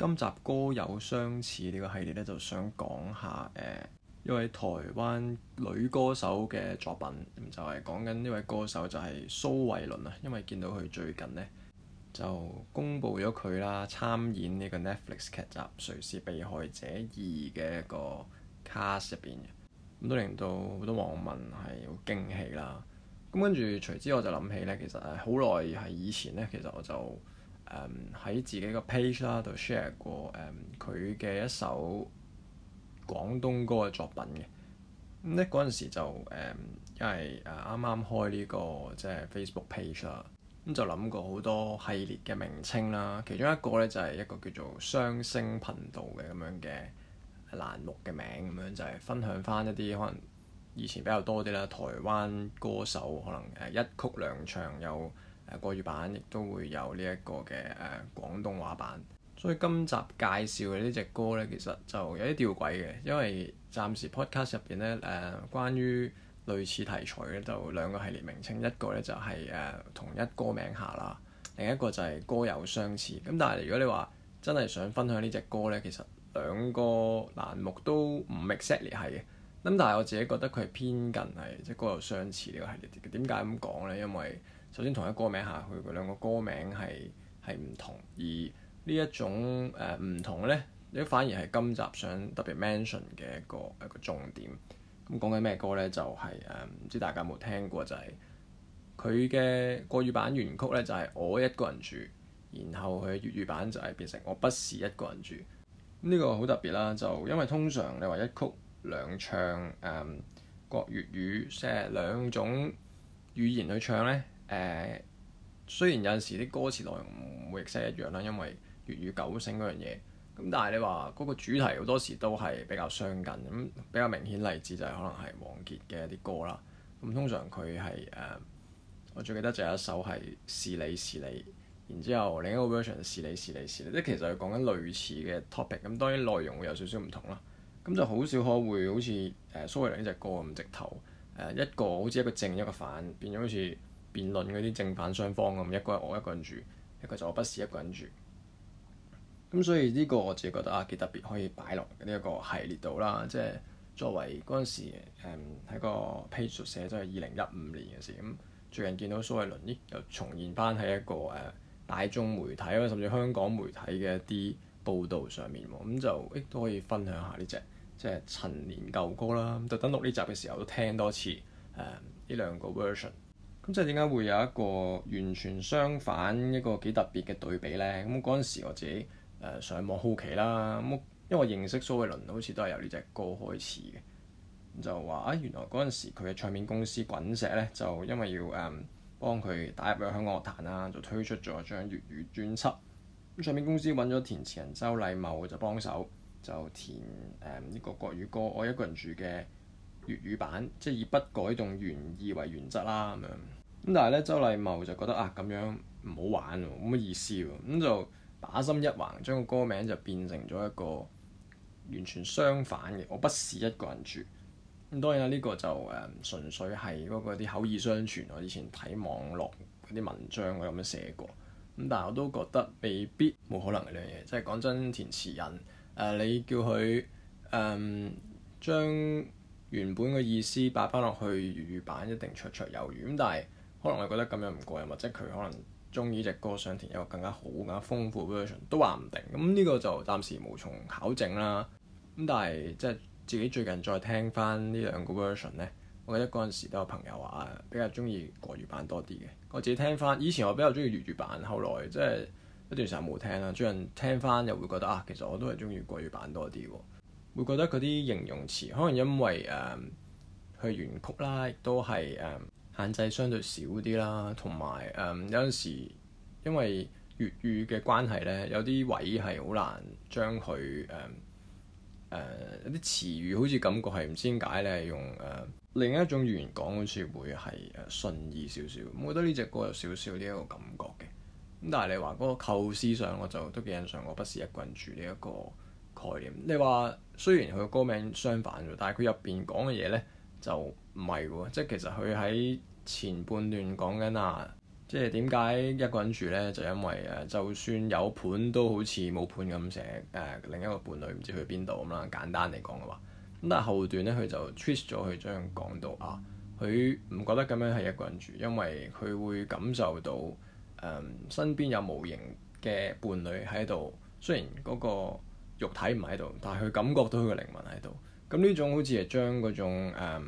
今集歌有相似呢個系列咧，就想講下誒、呃、一位台灣女歌手嘅作品，咁就係、是、講緊呢位歌手就係蘇慧倫啊，因為見到佢最近呢，就公布咗佢啦參演呢個 Netflix 劇集《誰是被害者二》嘅一個 cast 入邊嘅，咁都令到好多網民係好驚喜啦。咁跟住隨之我就諗起呢，其實好耐係以前呢，其實我就誒喺、嗯、自己個 page 啦，度 share 過誒佢嘅一首廣東歌嘅作品嘅。咁嗰陣時就誒、嗯，因為誒啱啱開呢、這個即係 Facebook page 啦，咁就諗、是、過好多系列嘅名稱啦。其中一個咧就係一個叫做雙聲頻道嘅咁樣嘅欄目嘅名咁樣，就係、是、分享返一啲可能以前比較多啲啦，台灣歌手可能誒一曲兩唱又。誒國語版亦都會有呢一個嘅誒廣東話版，所以今集介紹嘅呢隻歌呢，其實就有啲吊詭嘅，因為暫時 podcast 入邊呢，誒、呃，關於類似題材呢，就兩個系列名稱，一個呢就係、是、誒、呃、同一歌名下啦，另一個就係歌有相似。咁但係如果你話真係想分享呢隻歌呢，其實兩個欄目都唔 exactly 係嘅。咁但係我自己覺得佢係偏近係即係歌有相似呢個系列嘅。點解咁講呢？因為首先同一歌名下去，佢兩個歌名係係唔同，而呢一種誒呃、唔同呢，亦反而係今集想特別 mention 嘅一個一個重點。咁講緊咩歌呢？就係、是、誒，嗯、唔知大家有冇聽過，就係佢嘅國語版原曲呢，就係、是、我一個人住，然後佢粵語版就係變成我不是一個人住。呢、嗯、呢個好特別啦，就因為通常你話一曲兩唱誒、嗯、國粵語，即係兩種語言去唱呢。誒，uh, 雖然有陣時啲歌詞內容唔會真係一樣啦，因為粵語九聲嗰樣嘢。咁但係你話嗰個主題好多時都係比較相近咁，比較明顯例子就係可能係王傑嘅一啲歌啦。咁通常佢係誒，uh, 我最記得就有一首係是，是你是你，然之後另一個 version，就是你是你是你，即其實佢講緊類似嘅 topic。咁當然內容會有少少唔同啦。咁就好少可會好似誒、呃、蘇慧倫呢隻歌咁直頭誒、呃、一個，好似一個正一個反，變咗好似。辯論嗰啲正反雙方咁，一個係我一個人住，一個就我不是一個人住。咁所以呢個我自己覺得啊，幾特別，可以擺落呢一個系列度啦。即、就、係、是、作為嗰陣時誒喺、嗯、個批述社都係二零一五年嘅事咁，最近見到蘇慧倫，咦又重現翻喺一個誒、啊、大眾媒體、啊、甚至香港媒體嘅一啲報導上面喎。咁、嗯、就亦、欸、都可以分享下呢隻即係陳年舊歌啦。特登錄呢集嘅時候都聽多次呢、嗯、兩個 version。咁即係點解會有一個完全相反一個幾特別嘅對比呢？咁嗰陣時我自己誒、呃、上網好奇啦，咁因為我認識蘇慧倫好似都係由呢隻歌開始嘅，就話啊原來嗰陣時佢嘅唱片公司滾石呢，就因為要誒、嗯、幫佢打入去香港樂壇啦、啊，就推出咗張粵語專輯。咁唱片公司揾咗填詞人周禮茂就幫手，就填誒呢、嗯呢個國語歌《我一個人住》嘅粵語版，即係以不改動原意為原則啦咁樣。啊嗯咁但係咧，周禮茂就覺得啊，咁樣唔好玩喎，冇乜意思喎，咁就把心一橫，將個歌名就變成咗一個完全相反嘅，我不是一個人住咁，當然啦，呢、這個就誒、呃、純粹係嗰、那個啲口耳相傳。我以前睇網絡嗰啲文章，我有咁樣寫過。咁但係我都覺得未必冇可能嘅呢樣嘢，即係講真，填詞人誒、呃、你叫佢誒、呃、將原本嘅意思擺翻落去粵語版，一定綽綽有餘咁，但係。可能你覺得咁樣唔過癮，或者佢可能中意隻歌，想填一個更加好、更加豐富 version 都話唔定。咁呢個就暫時無從考證啦。咁但係即係自己最近再聽翻呢兩個 version 呢，我記得嗰陣時都有朋友話比較中意國語版多啲嘅。我自己聽翻，以前我比較中意粵語版，後來即係一段時間冇聽啦。最近聽翻又會覺得啊，其實我都係中意國語版多啲喎。會覺得佢啲形容詞可能因為誒佢原曲啦，亦都係誒。呃限制相對少啲啦，同埋誒有陣、呃、時，因為粵語嘅關係咧，有啲位係好難將佢誒誒有啲詞語，好似感覺係唔知點解咧，用誒、呃、另一種語言講好似會係誒、呃、順意少少。我覺得呢隻歌有少少呢一個感覺嘅。咁但係你話嗰個構思上，我就都幾欣賞，我不是一個人住呢一個概念。你話雖然佢個歌名相反，但係佢入邊講嘅嘢咧就唔係喎，即係其實佢喺。前半段講緊啊，即係點解一個人住呢？就因為誒，就算有伴都好似冇伴咁成日誒，另一個伴侶唔知去邊度咁啦。簡單嚟講嘅話，咁但後段呢，佢就 twist 咗，佢將講到啊，佢唔覺得咁樣係一個人住，因為佢會感受到誒、呃、身邊有無形嘅伴侶喺度，雖然嗰個肉體唔喺度，但係佢感覺到佢個靈魂喺度。咁呢種好似係將嗰種、呃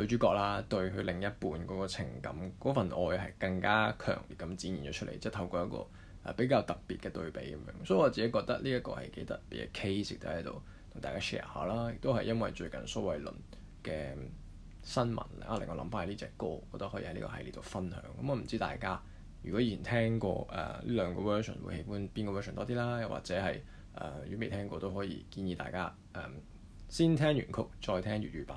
女主角啦，對佢另一半嗰個情感、嗰份愛係更加強烈咁展現咗出嚟，即係透過一個誒、呃、比較特別嘅對比咁樣，所以我自己覺得呢一個係幾特別嘅 case 就喺度同大家 share 下啦，亦都係因為最近蘇慧倫嘅新聞啊，令我諗翻起呢隻歌，我覺得可以喺呢個系列度分享。咁我唔知大家如果以前聽過誒呢兩個 version 會喜歡邊個 version 多啲啦，又或者係誒、呃、如果未聽過都可以建議大家誒、呃、先聽原曲再聽粵語版。